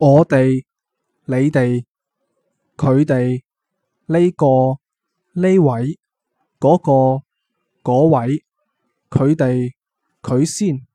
我哋、你哋、佢哋、呢個、呢位、嗰個、嗰位、佢哋、佢先。